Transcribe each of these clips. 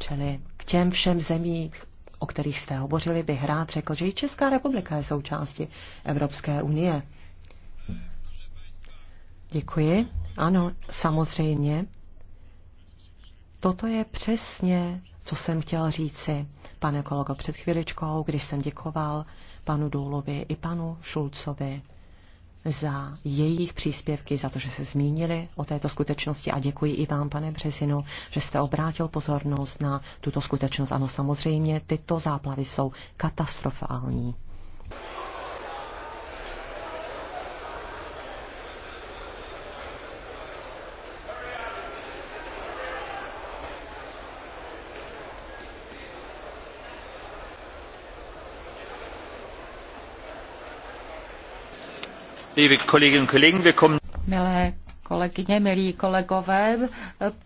Čili k těm všem zemím, o kterých jste hovořili, bych rád řekl, že i Česká republika je součástí Evropské unie. Děkuji. Ano, samozřejmě. Toto je přesně, co jsem chtěl říci, pane kolego, před chvíličkou, když jsem děkoval panu Důlovi i panu Šulcovi za jejich příspěvky, za to, že se zmínili o této skutečnosti a děkuji i vám, pane Březinu, že jste obrátil pozornost na tuto skutečnost. Ano, samozřejmě, tyto záplavy jsou katastrofální. Milé kolegyně, milí kolegové,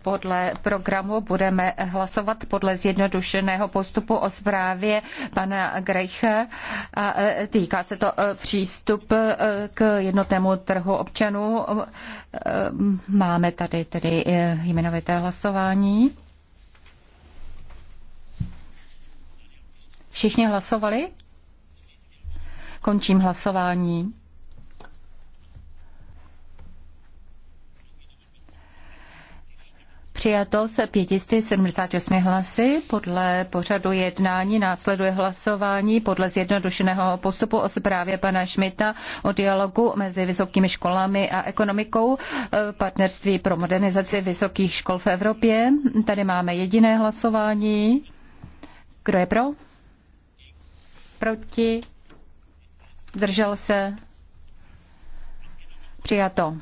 podle programu budeme hlasovat podle zjednodušeného postupu o zprávě pana Greiche. A e, týká se to e, přístup e, k jednotnému trhu občanů. Máme tady tedy jmenovité hlasování. Všichni hlasovali? Končím hlasování. přijato se 578 hlasy. Podle pořadu jednání následuje hlasování podle zjednodušeného postupu o zprávě pana Šmita o dialogu mezi vysokými školami a ekonomikou eh, partnerství pro modernizaci vysokých škol v Evropě. Tady máme jediné hlasování. Kdo je pro? Proti? Držel se? Přijato.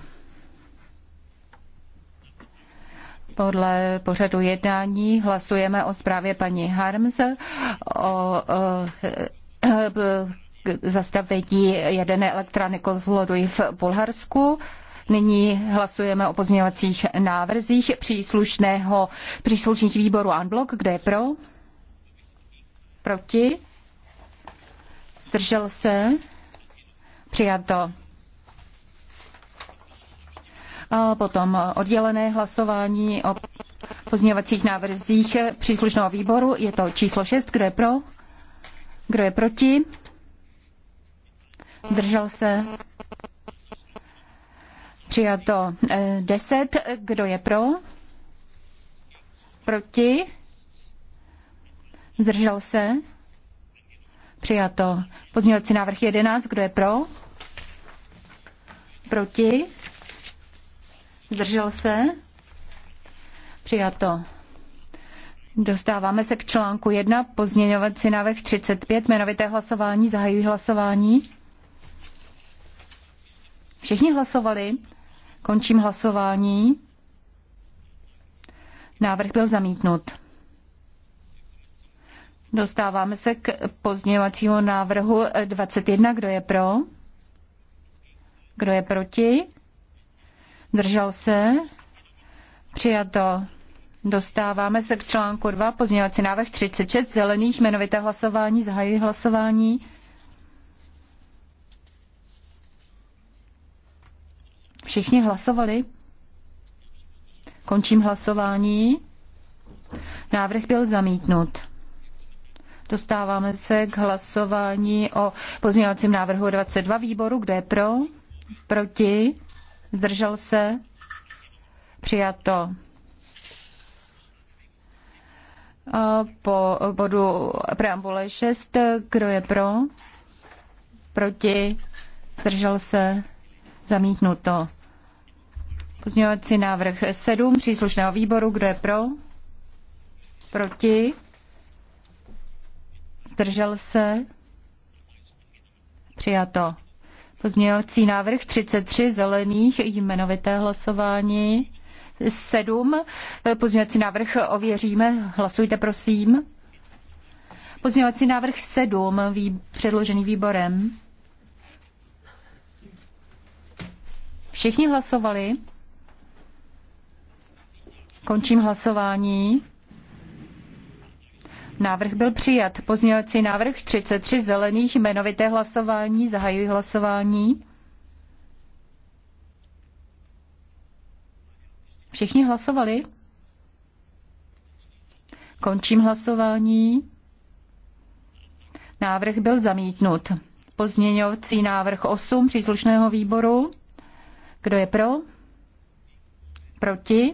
Podle pořadu jednání hlasujeme o zprávě paní Harms o, o zastavení jedené elektrárny Kozloduj v Bulharsku. Nyní hlasujeme o pozměňovacích návrzích příslušného, příslušných výborů Unblock. Kde je pro? Proti? Držel se? Přijato a potom oddělené hlasování o pozměňovacích návrzích příslušného výboru. Je to číslo 6. Kdo je pro? Kdo je proti? Držel se? Přijato 10. Eh, Kdo je pro? Proti? Zdržel se? Přijato. Pozměňovací návrh 11. Kdo je pro? Proti? Zdržel se? Přijato. Dostáváme se k článku 1, pozměňovací návrh 35, jmenovité hlasování, zahajují hlasování. Všichni hlasovali, končím hlasování. Návrh byl zamítnut. Dostáváme se k pozměňovacímu návrhu 21. Kdo je pro? Kdo je proti? Držel se? Přijato. Dostáváme se k článku 2, pozměňovací návrh 36 zelených, jmenovité hlasování, zahajuji hlasování. Všichni hlasovali? Končím hlasování. Návrh byl zamítnut. Dostáváme se k hlasování o pozměňovacím návrhu 22 výboru. Kdo je pro? Proti? zdržel se, přijato. Po bodu preambule 6, kdo je pro, proti, zdržel se, zamítnuto. Pozměňovací návrh 7 příslušného výboru, kdo je pro, proti, zdržel se, přijato. Pozměňovací návrh 33 zelených, jmenovité hlasování. 7. Pozměňovací návrh ověříme. Hlasujte, prosím. Pozměňovací návrh 7, vý, předložený výborem. Všichni hlasovali. Končím hlasování. Návrh byl přijat. Pozměňovací návrh 33 zelených jmenovité hlasování. Zahajuji hlasování. Všichni hlasovali? Končím hlasování. Návrh byl zamítnut. Pozměňovací návrh 8 příslušného výboru. Kdo je pro? Proti?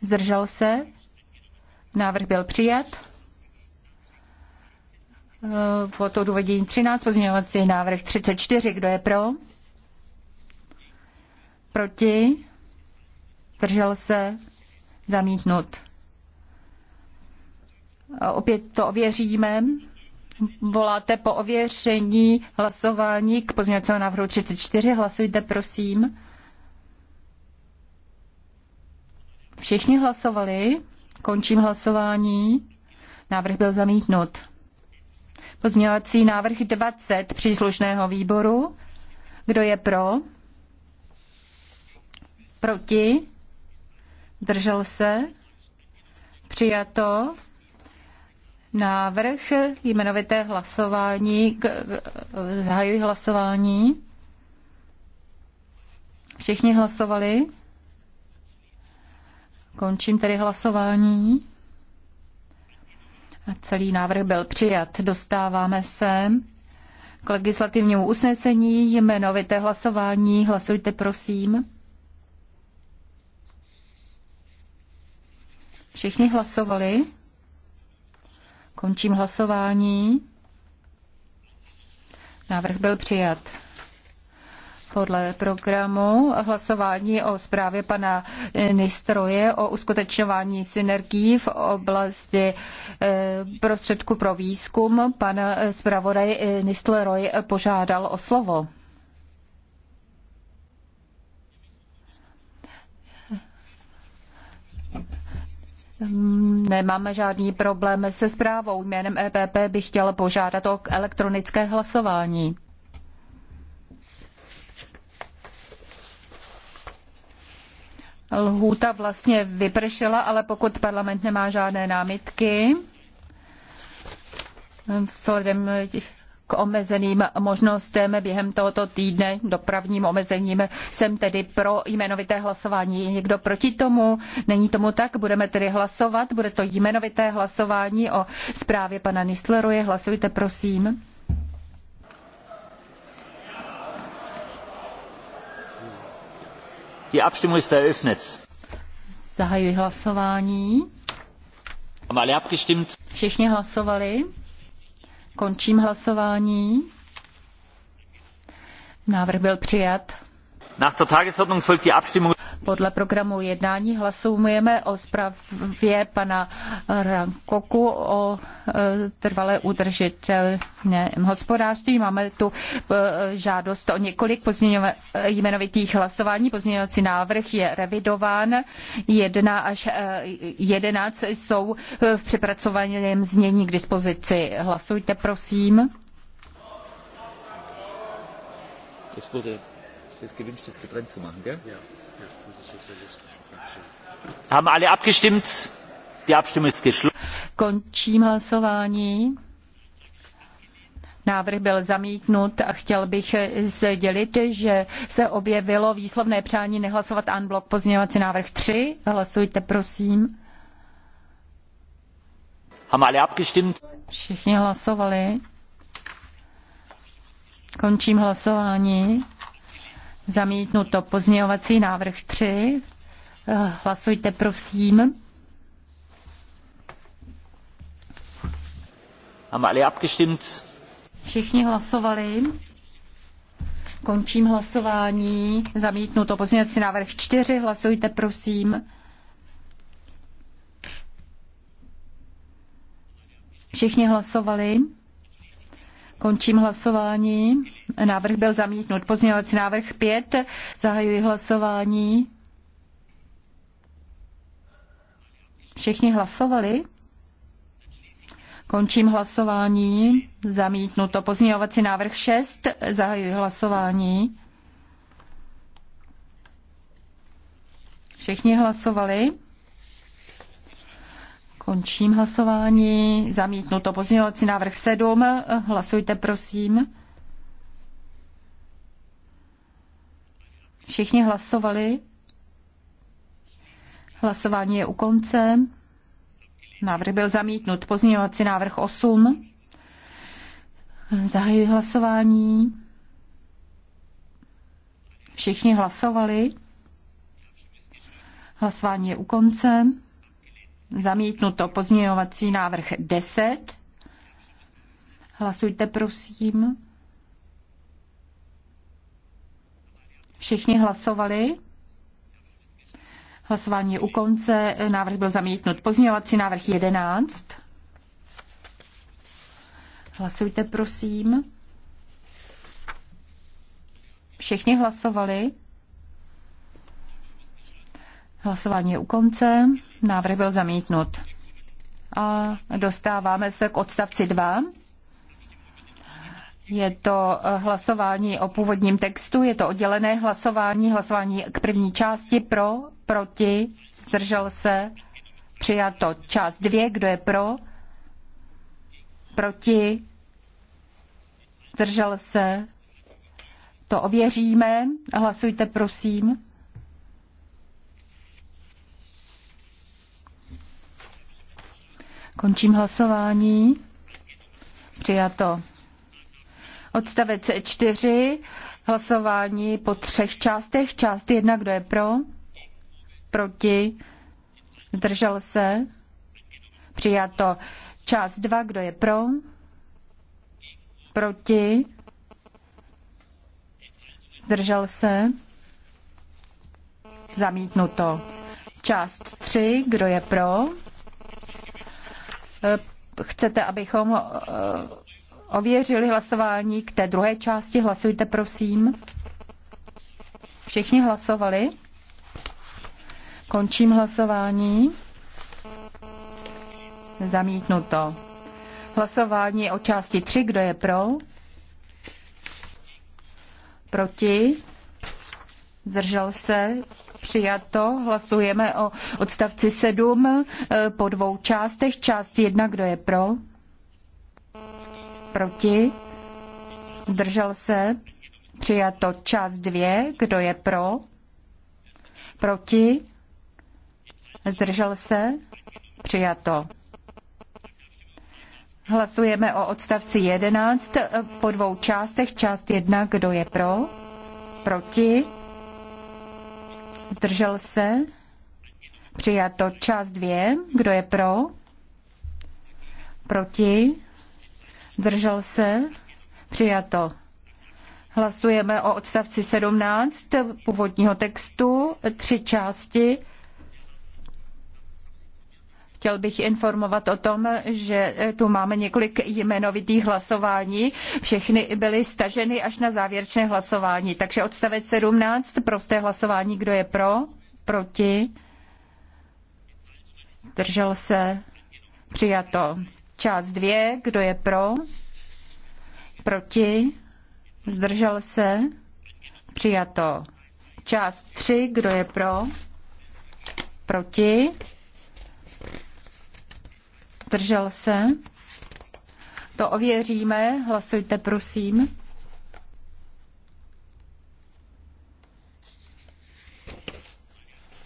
Zdržel se? Návrh byl přijat. Po eh, to důvodění 13, pozměňovací návrh 34. Kdo je pro? Proti? Držel se? Zamítnut. Eh, opět to ověříme. Voláte po ověření hlasování k pozměňovacímu návrhu 34. Hlasujte, prosím. Všichni hlasovali? Končím hlasování. Návrh byl zamítnut. Pozměňovací návrh 20 příslušného výboru. Kdo je pro? Proti? Držel se? Přijato? Návrh jmenovité hlasování. Zahajuji hlasování. Všichni hlasovali? Končím tedy hlasování. A celý návrh byl přijat. Dostáváme se k legislativnímu usnesení. Jmenovité hlasování. Hlasujte, prosím. Všichni hlasovali. Končím hlasování. Návrh byl přijat podle programu hlasování o zprávě pana Nistroje o uskutečňování synergií v oblasti eh, prostředku pro výzkum. Pan zpravodaj Nistleroy požádal o slovo. Hmm, nemáme žádný problém se zprávou. Jménem EPP bych chtěla požádat o elektronické hlasování. lhůta vlastně vypršela, ale pokud parlament nemá žádné námitky, vzhledem k omezeným možnostem během tohoto týdne, dopravním omezením. Jsem tedy pro jmenovité hlasování. Je někdo proti tomu? Není tomu tak? Budeme tedy hlasovat. Bude to jmenovité hlasování o zprávě pana Nistleroje. Hlasujte, prosím. Die Abstimmung ist eröffnet. Zahajuji hlasování. Haben alle abgestimmt? Všichni hlasovali. Končím hlasování. Návrh byl přijat. Nach der Tagesordnung folgt die Abstimmung. Podle programu jednání hlasujeme o zprávě pana Rankoku o e, trvalé udržitelném hospodářství. Máme tu e, žádost o několik pozměňova- jmenovitých hlasování. Pozměňovací návrh je revidován. Jedna až e, jedenáct jsou v přepracovaném znění k dispozici. Hlasujte, prosím. Es wurde das gewünscht, getrennt zu machen, gell? Ja. Haben alle abgestimmt? Die Abstimmung ist geschlossen. Končím hlasování. Návrh byl zamítnut a chtěl bych sdělit, že se objevilo výslovné přání nehlasovat unblock pozměňovací návrh 3. Hlasujte, prosím. Haben alle abgestimmt? Všichni hlasovali. Končím hlasování. Zamítnuto pozměňovací návrh 3. Eh, hlasujte prosím. Všichni hlasovali. Končím hlasování. Zamítnuto pozměňovací návrh 4. Hlasujte prosím. Všichni hlasovali. Končím hlasování. Návrh byl zamítnut. Pozměňovací návrh 5. Zahajuji hlasování. Všichni hlasovali? Končím hlasování. Zamítnuto. Pozměňovací návrh 6. Zahajuji hlasování. Všichni hlasovali? Končím hlasování. to pozměňovací návrh 7. Hlasujte, prosím. Všichni hlasovali. Hlasování je u konce. Návrh byl zamítnut. Pozměňovací návrh 8. Zahajuji hlasování. Všichni hlasovali. Hlasování je u konce. Zamítnuto pozměňovací návrh 10. Hlasujte, prosím. Všichni hlasovali? Hlasování je u konce. Návrh byl zamítnut. Pozměňovací návrh 11. Hlasujte, prosím. Všichni hlasovali? Hlasování je u konce. Návrh byl zamítnut. A dostáváme se k odstavci 2. Je to hlasování o původním textu, je to oddělené hlasování, hlasování k první části pro, proti, zdržel se, přijato část dvě, kdo je pro, proti, zdržel se, to ověříme, hlasujte prosím. Končím hlasování. Přijato. Odstavec 4. Hlasování po třech částech. Část 1. Kdo je pro? Proti? Zdržel se? Přijato. Část 2. Kdo je pro? Proti? Zdržel se? Zamítnuto. Část 3. Kdo je pro? Eh, chcete, abychom eh, ověřili hlasování k té druhé části? Hlasujte, prosím. Všichni hlasovali? Končím hlasování. Zamítnuto. Hlasování o části 3. Kdo je pro? Proti? Zdržel se? přijato. Hlasujeme o odstavci 7 eh, po dvou částech. Část 1, kdo je pro? Proti? Držel se? Přijato část 2, kdo je pro? Proti? Zdržel se? Přijato. Hlasujeme o odstavci 11 eh, po dvou částech. Část 1, kdo je pro? Proti? Zdržel se? Přijato část dvě. Kdo je pro? Proti? Zdržel se? Přijato. Hlasujeme o odstavci 17 původního textu, tři části. Chtěl bych informovat o tom, že e, tu máme několik jmenovitých hlasování. Všechny byly staženy až na závěrečné hlasování. Takže odstavec 17, prosté hlasování, kdo je pro, proti, držel se, přijato. Část 2, kdo je pro, proti, zdržel se, přijato. Část 3, kdo je pro, proti, Držel se? To ověříme. Hlasujte, prosím.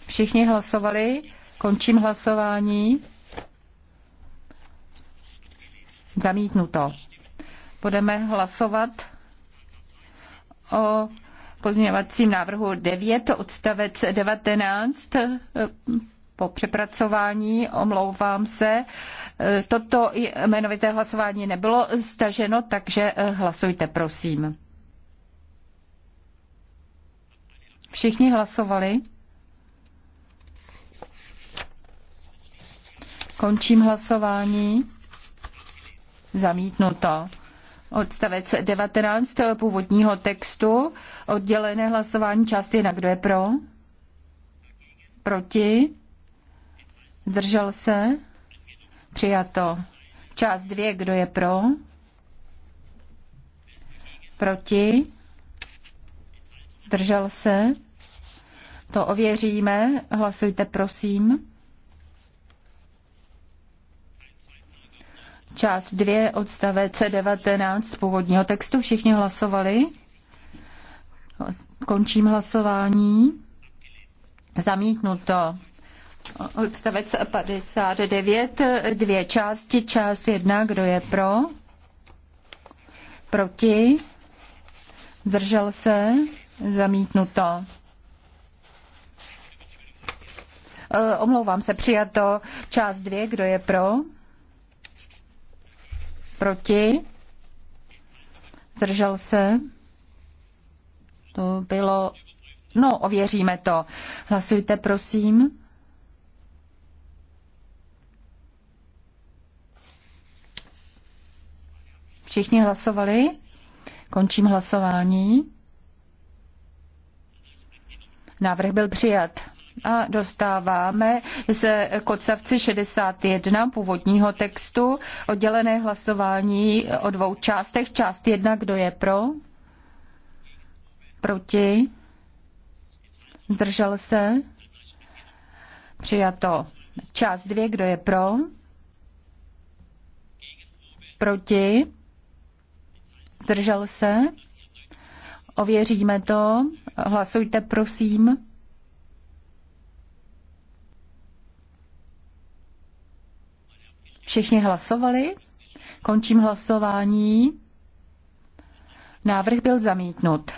Všichni hlasovali. Končím hlasování. Zamítnuto. Budeme hlasovat o pozměňovacím návrhu 9, odstavec 19 po přepracování, omlouvám se. E, toto jmenovité hlasování nebylo staženo, takže e, hlasujte, prosím. Všichni hlasovali? Končím hlasování. Zamítnuto. Odstavec 19 původního textu. Oddělené hlasování část na Kdo je pro? Proti? Zdržel se? Přijato. Část dvě, kdo je pro? Proti? Zdržel se? To ověříme. Hlasujte, prosím. Část 2 odstavec 19 původního textu. Všichni hlasovali. Končím hlasování. Zamítnuto. Odstavec 59, dvě části. Část jedna, kdo je pro? Proti? Držel se? Zamítnuto. E, omlouvám se, přijato část dvě, kdo je pro? Proti? Držel se? To bylo... No, ověříme to. Hlasujte, prosím. Všichni hlasovali? Končím hlasování. Návrh byl přijat. A dostáváme se k 61 původního textu oddělené hlasování o dvou částech. Část 1, kdo je pro? Proti? Držel se? Přijato. Část 2, kdo je pro? Proti? Držel se? Ověříme to. Hlasujte, prosím. Všichni hlasovali? Končím hlasování. Návrh byl zamítnut.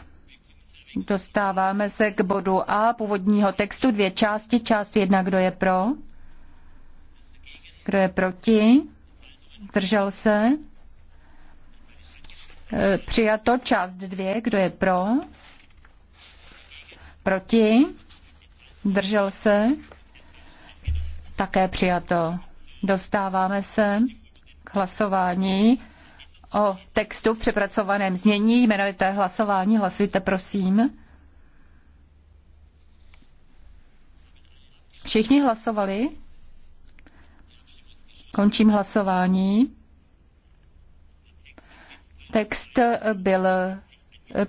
Dostáváme se k bodu A původního textu. Dvě části. Část jedna, kdo je pro? Kdo je proti? Držel se? Eh, přijato část dvě, kdo je pro? Proti? Držel se? Také přijato. Dostáváme se k hlasování o textu v přepracovaném znění. Jmenujete hlasování, hlasujte prosím. Všichni hlasovali? Končím hlasování. Text byl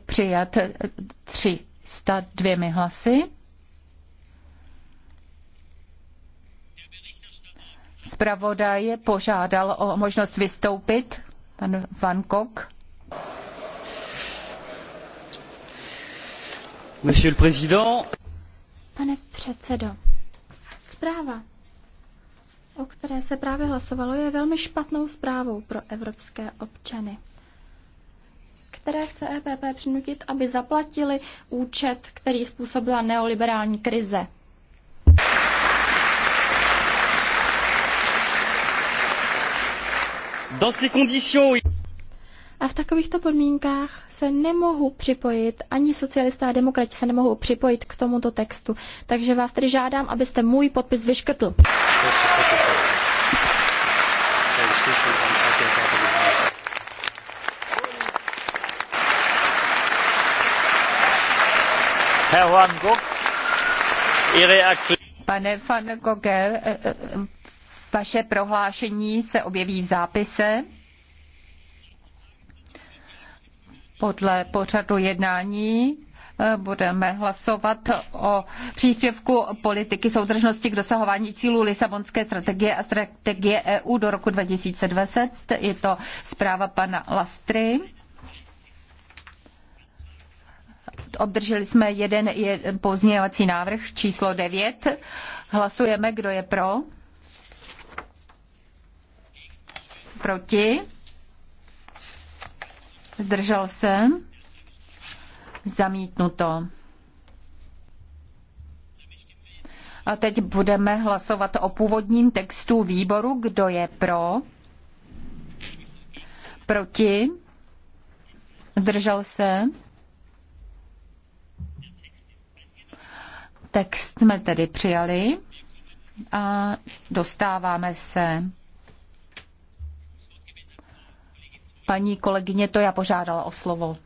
přijat 302 hlasy. Zpravodaj požádal o možnost vystoupit, pan Van Kok. Monsieur le Président. Pane předsedo, zpráva, o které se právě hlasovalo, je velmi špatnou zprávou pro evropské občany které chce EPP přinutit, aby zaplatili účet, který způsobila neoliberální krize. A v takovýchto podmínkách se nemohu připojit, ani socialisté a demokrati se nemohou připojit k tomuto textu. Takže vás tedy žádám, abyste můj podpis vyškrtl. Van Gogh, Pane Van Gogel, eh, eh, vaše prohlášení se objeví v zápise. Podle pořadu jednání eh, budeme hlasovat o příspěvku politiky soudržnosti k dosahování cílů Lisabonské strategie a strategie EU do roku 2020. Je to zpráva pana Lastry. Obdrželi jsme jeden je, pozměňovací návrh číslo 9. Hlasujeme, kdo je pro. Proti. Zdržel se. Zamítnuto. A teď budeme hlasovat o původním textu výboru. Kdo je pro? Proti? Zdržel se? Text jsme tedy přijali a dostáváme se. Paní kolegyně to já požádala o slovo.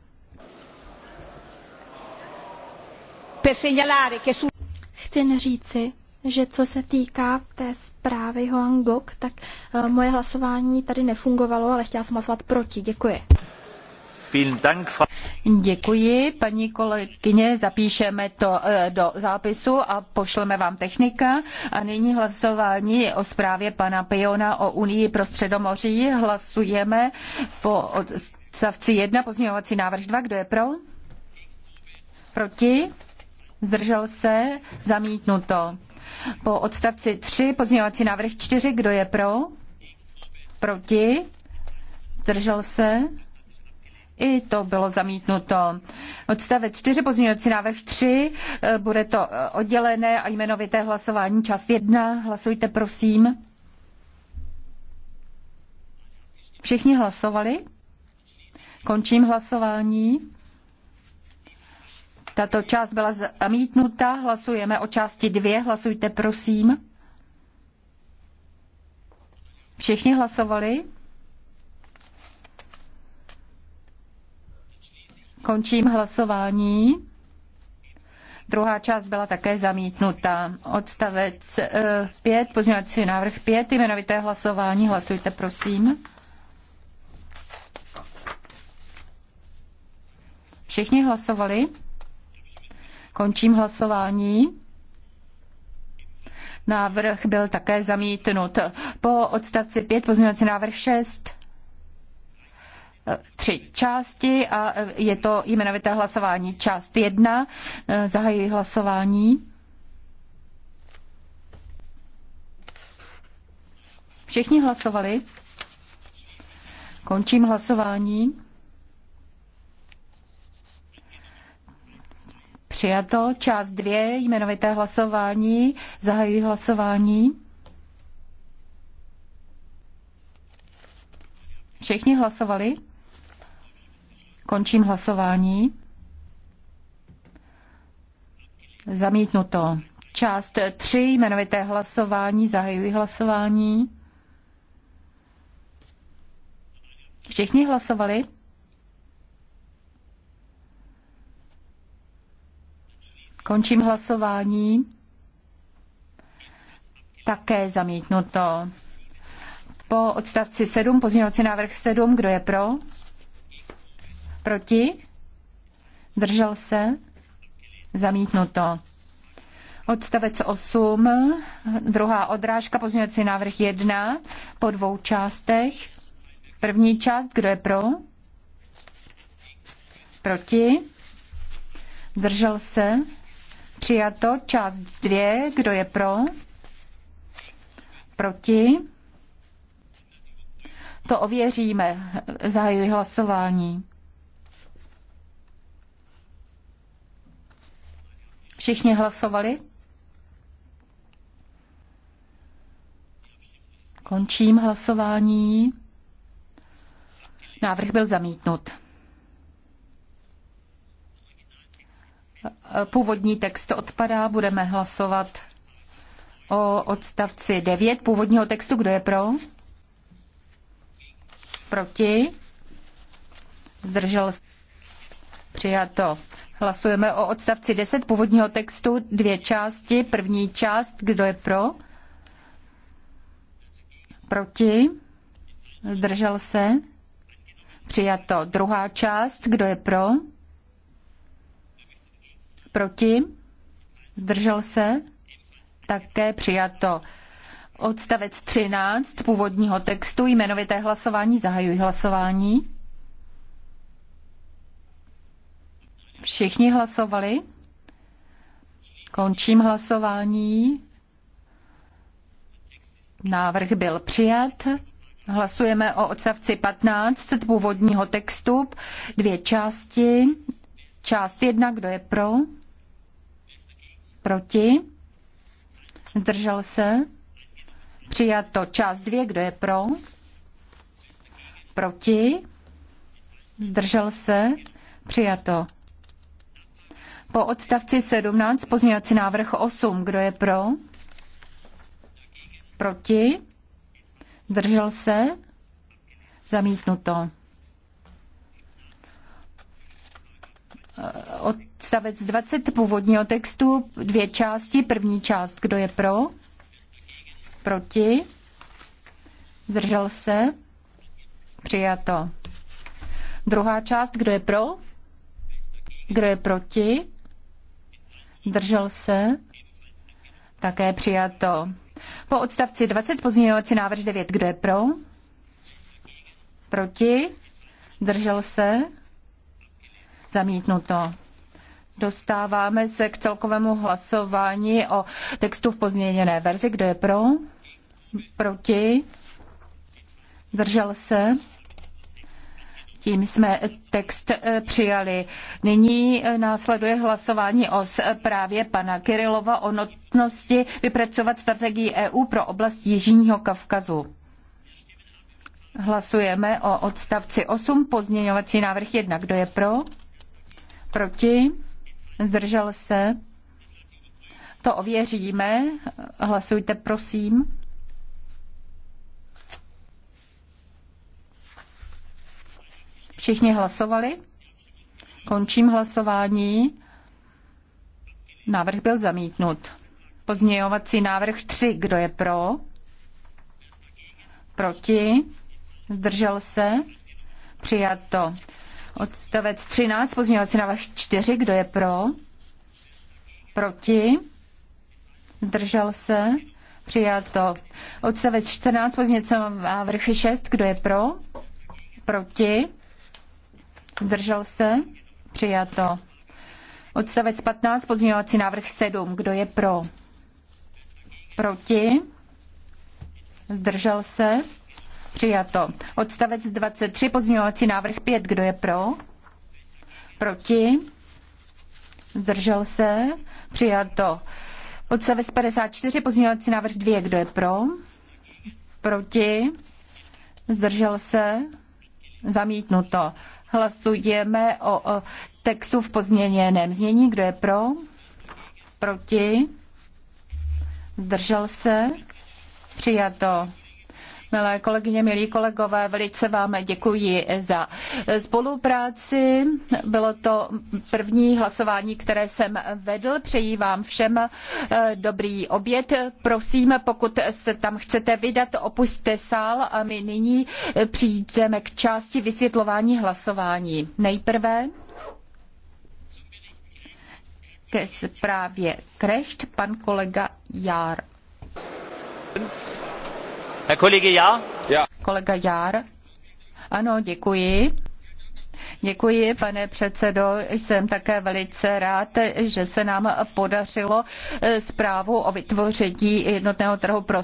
Chci říci, že co se týká té zprávy Hoang Gok, tak eh, moje hlasování tady nefungovalo, ale chtěla jsem hlasovat proti. Děkuji. Děkuji, paní kolegyně, zapíšeme to eh, do zápisu a pošleme vám technika. A nyní hlasování o zprávě pana Piona o Unii pro Středomoří. Hlasujeme po odstavci 1, pozměňovací návrh 2. Kdo je pro? Proti? Zdržel se? Zamítnuto. Po odstavci 3, pozměňovací návrh 4. Kdo je pro? Proti? Zdržel se? I to bylo zamítnuto. Odstavec 4, pozměňovací návrh 3, eh, bude to eh, oddělené a jmenovité hlasování část 1. Hlasujte prosím. Všichni hlasovali? Končím hlasování. Tato část byla zamítnuta. Hlasujeme o části dvě. Hlasujte, prosím. Všichni hlasovali? Končím hlasování. Druhá část byla také zamítnuta. Odstavec 5, eh, e, pozměňovací návrh 5, jmenovité hlasování. Hlasujte, prosím. Všichni hlasovali? Končím hlasování. Návrh byl také zamítnut. Po odstavci 5 pozměňovací návrh 6 tři části a je to jmenovité hlasování. Část jedna, zahajuji hlasování. Všichni hlasovali? Končím hlasování. Přijato. Část dvě, jmenovité hlasování. Zahajuji hlasování. Všichni hlasovali? Končím hlasování. Zamítnuto. Část 3, jmenovité hlasování, zahajuji hlasování. Všichni hlasovali? Končím hlasování. Také zamítnuto. Po odstavci 7, pozměňovací návrh 7, kdo je pro? Proti? Držel se? Zamítnuto. Odstavec 8, druhá odrážka, pozměňovací návrh 1 po dvou částech. První část, kdo je pro? Proti? Držel se? Přijato. Část 2, kdo je pro? Proti? To ověříme. Zahajuji hlasování. Všichni hlasovali? Končím hlasování. Návrh byl zamítnut. Původní text odpadá, budeme hlasovat o odstavci 9 původního textu. Kdo je pro? Proti? Zdržel? Přijato. Hlasujeme o odstavci 10 původního textu, dvě části. První část, kdo je pro? Proti? Zdržel se? Přijato. Druhá část, kdo je pro? Proti? Zdržel se? Také přijato. Odstavec 13 původního textu, jmenovité hlasování, zahajuji hlasování. Všichni hlasovali? Končím hlasování. Návrh byl přijat. Hlasujeme o odstavci 15 původního textu. Dvě části. Část jedna, kdo je pro? Proti? Zdržel se? Přijato část dvě, kdo je pro? Proti? Zdržel se? Přijato. Po odstavci 17 pozměňovací návrh 8. Kdo je pro? Proti? Držel se? Zamítnuto. Odstavec 20 původního textu, dvě části. První část, kdo je pro? Proti? Zdržel se? Přijato. Druhá část, kdo je pro? Kdo je proti? Držel se? Také přijato. Po odstavci 20 pozměňovací návrh 9. Kdo je pro? Proti? Držel se? Zamítnuto. Dostáváme se k celkovému hlasování o textu v pozměněné verzi. Kdo je pro? Proti? Držel se? Tím jsme text eh, přijali. Nyní eh, následuje hlasování o zprávě eh, pana Kirilova o nutnosti vypracovat strategii EU pro oblast Jižního Kavkazu. Hlasujeme o odstavci 8, pozměňovací návrh 1. Kdo je pro? Proti? Zdržel se? To ověříme. Hlasujte, prosím. Všichni hlasovali? Končím hlasování. Návrh byl zamítnut. Pozměňovací návrh 3. Kdo je pro? Proti? Zdržel se? Přijato. Odstavec 13, pozměňovací návrh 4. Kdo je pro? Proti? Zdržel se? Přijato. Odstavec 14, pozměňovací návrh 6. Kdo je pro? Proti? Zdržel se? Přijato. Odstavec 15, pozměňovací návrh 7. Kdo je pro? Proti? Zdržel se? Přijato. Odstavec 23, pozměňovací návrh 5. Kdo je pro? Proti? Zdržel se? Přijato. Odstavec 54, pozměňovací návrh 2. Kdo je pro? Proti? Zdržel se? Zamítnuto. Hlasujeme o textu v pozměněném znění. Kdo je pro? Proti? Zdržel se? Přijato. Milé kolegyně, milí kolegové, velice vám děkuji za spolupráci. Bylo to první hlasování, které jsem vedl. Přeji vám všem eh, dobrý oběd. Prosím, pokud se tam chcete vydat, opusťte sál a my nyní přijdeme k části vysvětlování hlasování. Nejprve ke zprávě Krecht, pan kolega Jár. Kolega Jár? Kolega Jár? Ano, děkuji. Děkuji, pane předsedo. Jsem také velice rád, že se nám podařilo eh, zprávu o vytvoření jednotného trhu pro